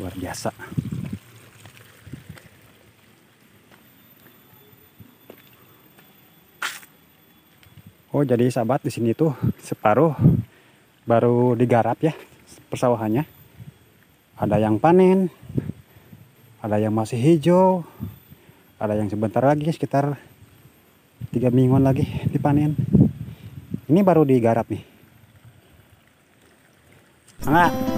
luar biasa Oh jadi sahabat di sini tuh separuh baru digarap ya persawahannya. Ada yang panen, ada yang masih hijau, ada yang sebentar lagi sekitar tiga mingguan lagi dipanen. Ini baru digarap nih. Enggak.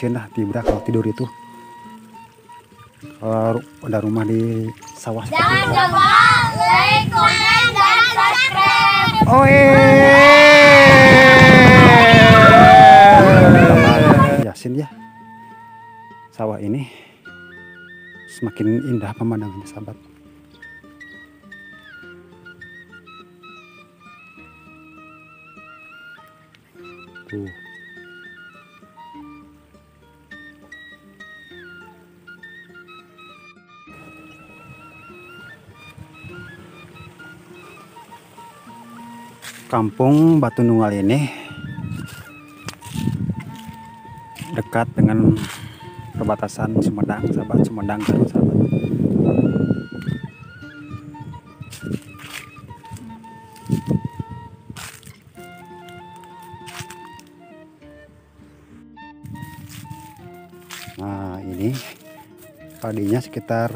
kasihan lah Tibra kalau tidur itu kalau ada rumah di sawah jangan lupa like, komen, dan subscribe oh iya, iya, iya, Yasin ya sawah ini semakin indah pemandangannya sahabat tuh kampung Batu Nungal ini dekat dengan perbatasan Sumedang, sahabat Sumedang, kan, sahabat. Nah ini padinya sekitar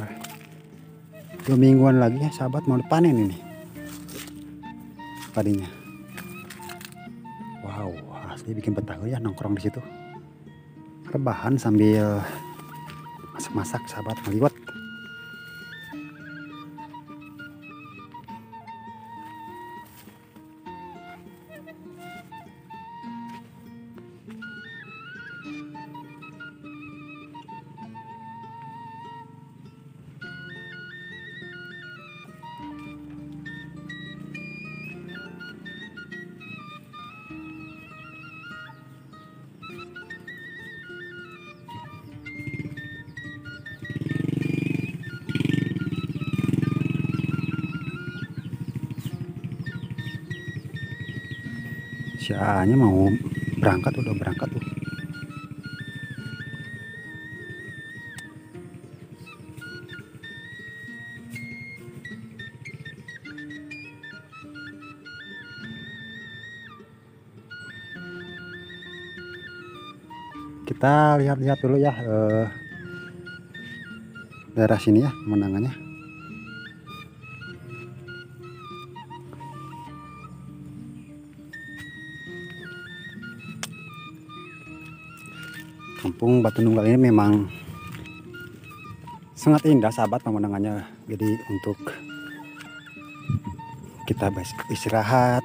dua mingguan lagi ya sahabat mau panen ini padinya saya bikin betah ya nongkrong di situ rebahan sambil masak-masak sahabat ngeliwat si A-nya mau berangkat udah berangkat tuh kita lihat-lihat dulu ya eh, daerah sini ya pemandangannya kampung Batu Nunggal ini memang sangat indah sahabat pemandangannya jadi untuk kita istirahat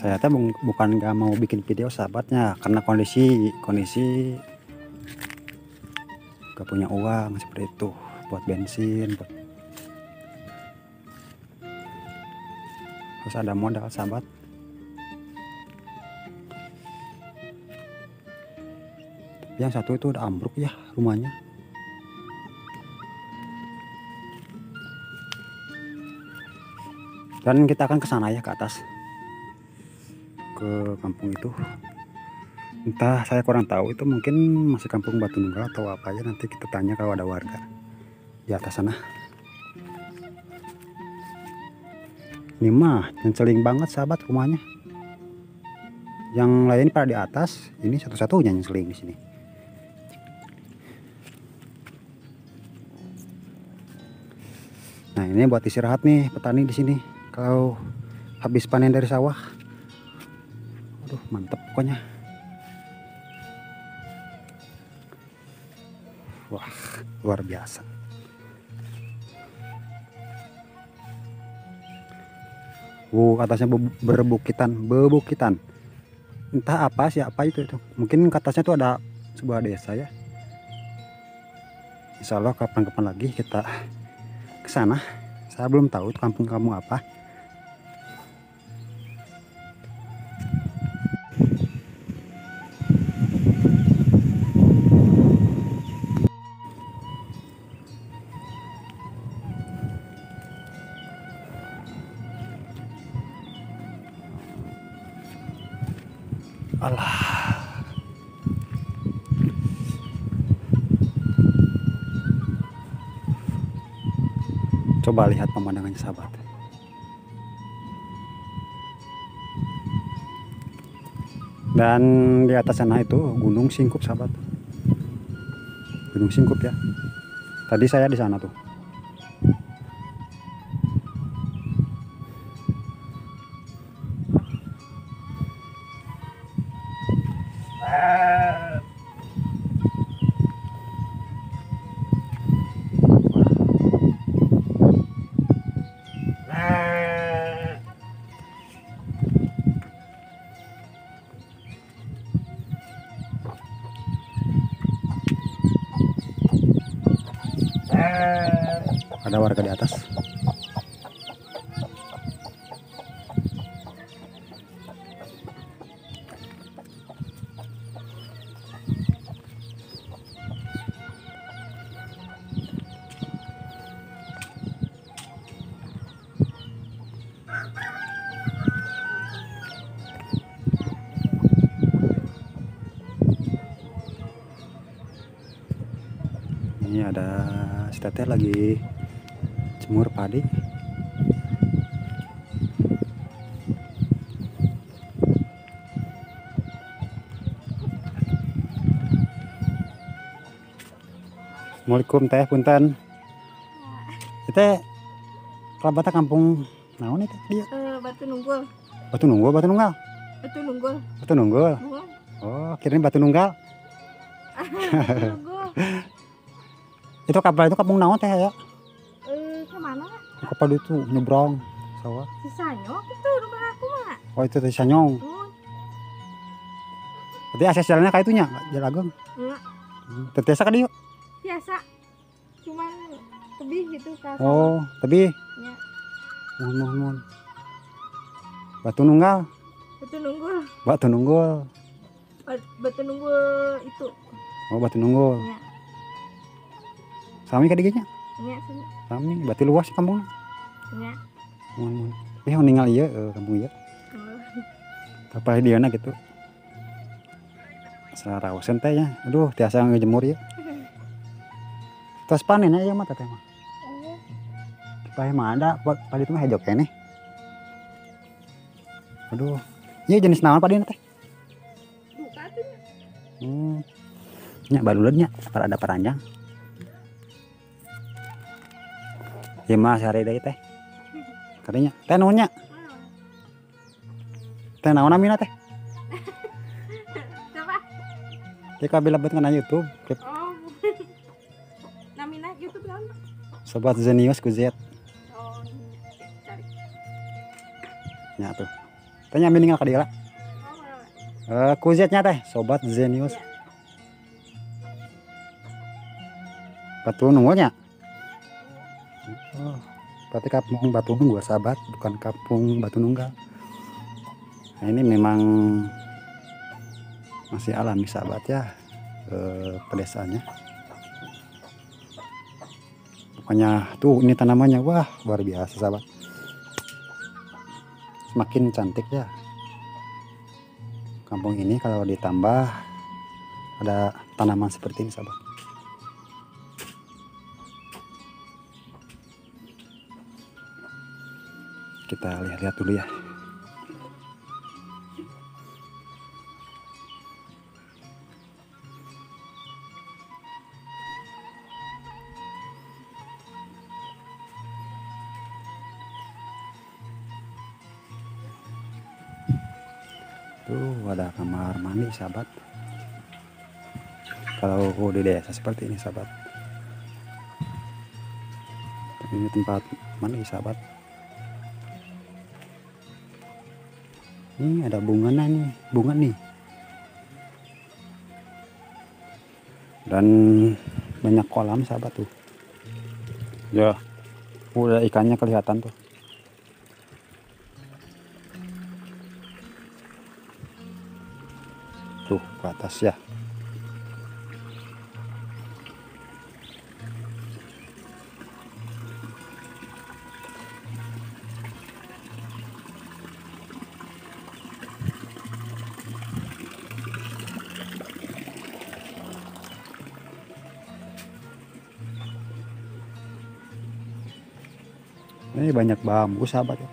saya tuh bukan nggak mau bikin video sahabatnya karena kondisi kondisi gak punya uang seperti itu buat bensin buat ada modal sahabat yang satu itu udah ambruk ya rumahnya dan kita akan ke sana ya ke atas ke kampung itu entah saya kurang tahu itu mungkin masih kampung Batu Nunggal atau apa ya nanti kita tanya kalau ada warga di atas sana ini mah nyenceling banget sahabat rumahnya yang lain pada di atas ini satu-satunya nyenceling di sini nah ini buat istirahat nih petani di sini kalau habis panen dari sawah aduh mantep pokoknya wah luar biasa Wow, atasnya berbukitan, berbukitan, Entah apa siapa itu itu. Mungkin atasnya tuh ada sebuah desa ya. Insya Allah kapan-kapan lagi kita ke sana. Saya belum tahu kampung kamu apa. apalah Coba lihat pemandangannya sahabat. Dan di atas sana itu Gunung Singkup sahabat. Gunung Singkup ya. Tadi saya di sana tuh. warga di atas ini ada setetes lagi jemur padi Assalamualaikum teh punten. Iya. Teh kelabata kampung naon itu dia? Uh, eh, batu Nunggul. Batu Nunggul, Batu Nunggal. Batu Nunggul. Batu Nunggul. Nunggul. Oh, kirain Batu Nunggal. batu Nunggul. itu kabar itu kampung naon teh ya? mana kapal itu nyebrang sawah sisanya itu rumah aku mak oh itu sanyong hmm. berarti akses jalannya kayak itunya jalan agung enggak hmm. terbiasa kan yuk biasa cuman lebih gitu kan oh lebih? ya. mohon mohon mohon batu nunggal batu nunggul batu nunggul batu nunggul itu oh batu nunggul iya. ya. sami kadiganya iya sami rame berarti luas ya. Eh, iya, eh, kampung ya mun mun eh ninggal iya kampung iya apa dia na gitu sarausen teh ya aduh tiasa ngejemur ya terus panen ya mata teh mah pahe mah ada padi itu mah hejok nih aduh ini iya, jenis naon padi teh hmm nya balulan nya ada peranjang Ima ya, sehari hari dari teh katanya teh nunya teh naon amina teh Dia ya, kabel lebat kan YouTube. Klip. Oh. Namina YouTube lama. Sobat Zenius ku Z. Oh. Nya tuh. Tanya mendingan ka dia lah. Oh. Eh, ku Z nya teh, Sobat Zenius. Ya. Batu nunggu nya oh, berarti kampung Batu Nunggal sahabat bukan kampung Batu Nunggal nah, ini memang masih alami sahabat ya eh, pedesaannya pokoknya tuh ini tanamannya wah luar biasa sahabat semakin cantik ya kampung ini kalau ditambah ada tanaman seperti ini sahabat kita lihat-lihat dulu ya tuh ada kamar mandi sahabat kalau di desa seperti ini sahabat ini tempat mandi sahabat ini ada bunga nih bunga nih dan banyak kolam sahabat tuh ya udah ikannya kelihatan tuh tuh ke atas ya banyak bambu sahabat ya.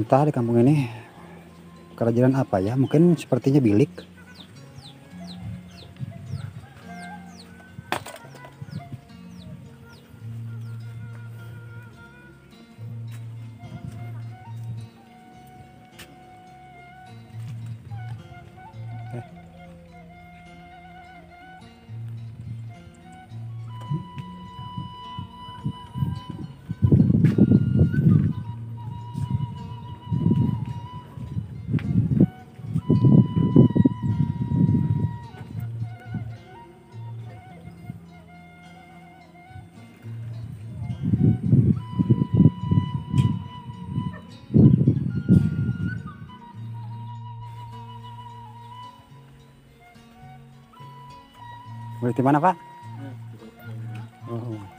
entah di kampung ini kerajinan apa ya mungkin sepertinya bilik Murid di mana, Pak? Hmm. Oh.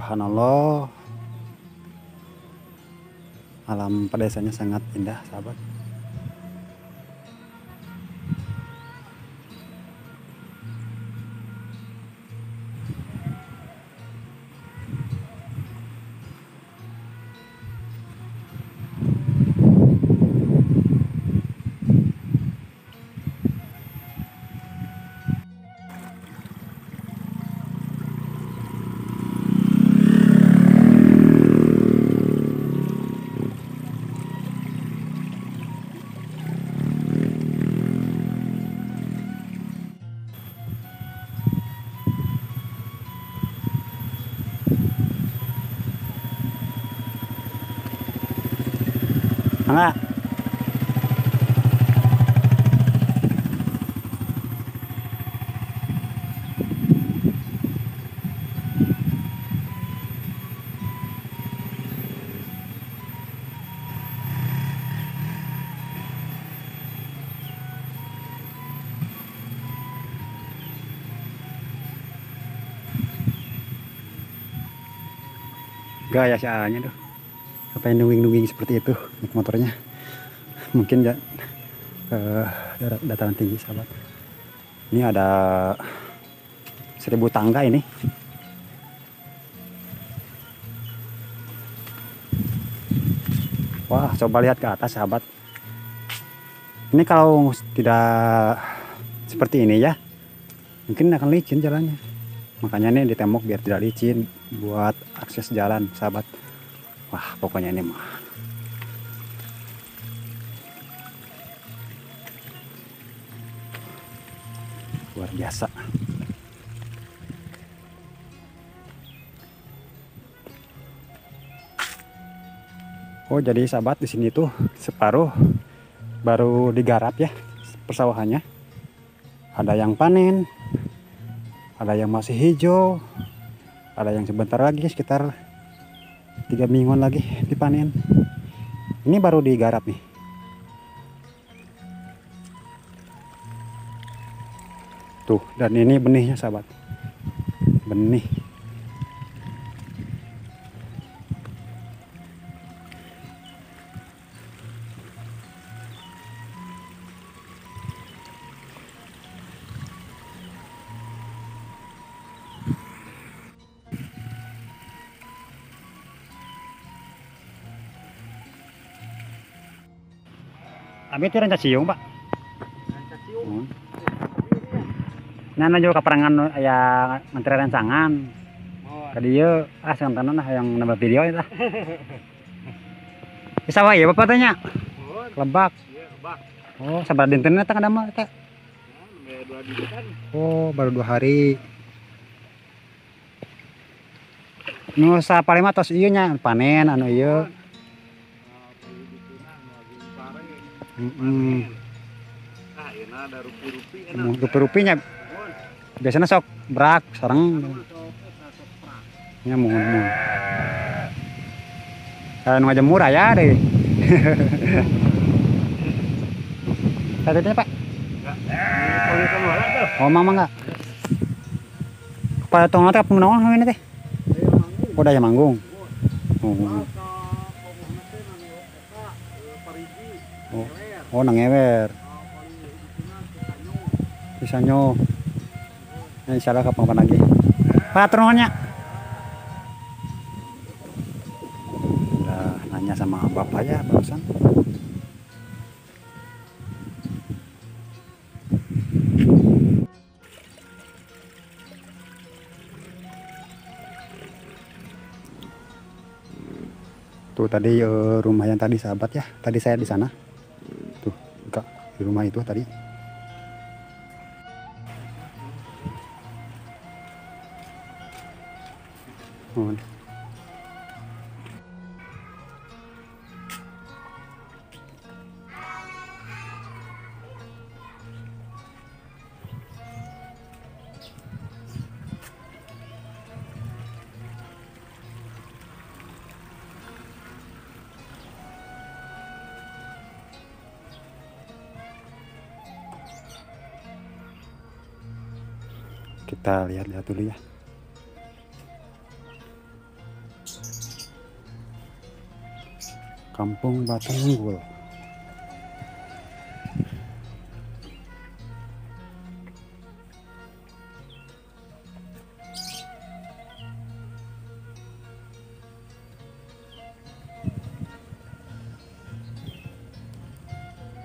subhanallah alam pedesanya sangat indah sahabat mga gaya sa anya doon pengen nungging-nungging seperti itu naik motornya mungkin ya uh, dataran tinggi sahabat ini ada seribu tangga ini wah coba lihat ke atas sahabat ini kalau tidak seperti ini ya mungkin akan licin jalannya makanya nih ditembok biar tidak licin buat akses jalan sahabat wah pokoknya ini mah luar biasa Oh jadi sahabat di sini tuh separuh baru digarap ya persawahannya. Ada yang panen, ada yang masih hijau, ada yang sebentar lagi sekitar tiga mingguan lagi dipanen ini baru digarap nih tuh dan ini benihnya sahabat benih Abi itu ranca siung, Pak. Ranca siung. Nana juga keperangan ya menteri rancangan. Oh. ya, ah sekarang tanah nah yang nambah video itu lah. Bisa wae ya Bapak tanya. lebak. Iya, oh, sabar dinten eta kada mah eta. Iya, oh, baru dua hari. Nusa paling tos iya nya panen anu iya. Oh. Mm -hmm. rupi-rupinya biasanya sok berak sarang ya mau mau kalian aja murah ya deh satunya pak oh mama enggak pada tongkat apa menawa ini teh udah ya manggung oh. oh nang ewer nyo. nah, Allah kapan kapan lagi patronnya udah nanya sama bapak ya barusan tuh tadi eh, rumah yang tadi sahabat ya tadi saya di sana di rumah itu tadi Oh. kita lihat-lihat dulu ya Kampung Batang Batanggul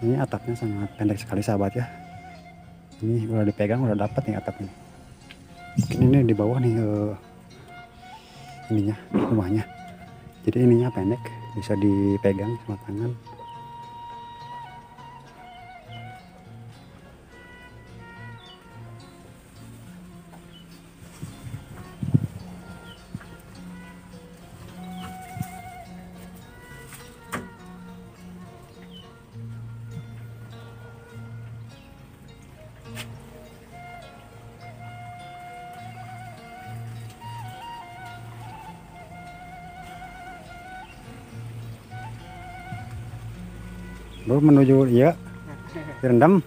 ini atapnya sangat pendek sekali sahabat ya ini udah dipegang udah dapat nih atapnya mungkin ini di bawah nih uh, ininya rumahnya jadi ininya pendek bisa dipegang sama tangan menuju iya direndam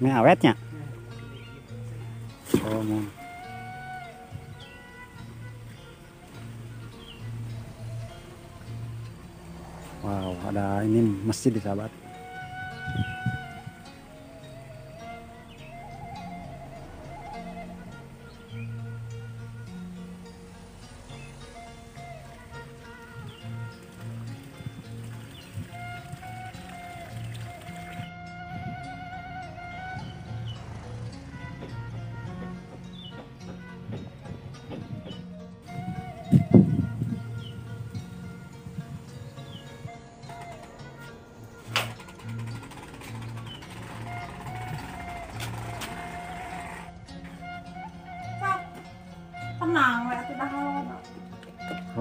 hmm. ini awetnya hmm. oh Wow, ada ini masjid di sahabat.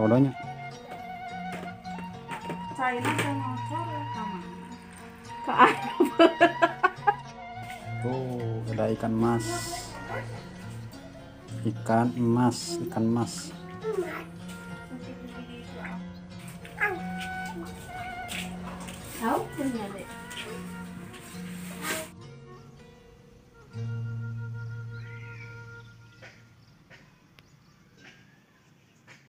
bodohnya China sama Korea ya, sama ke Oh, ada ikan mas ikan emas ikan emas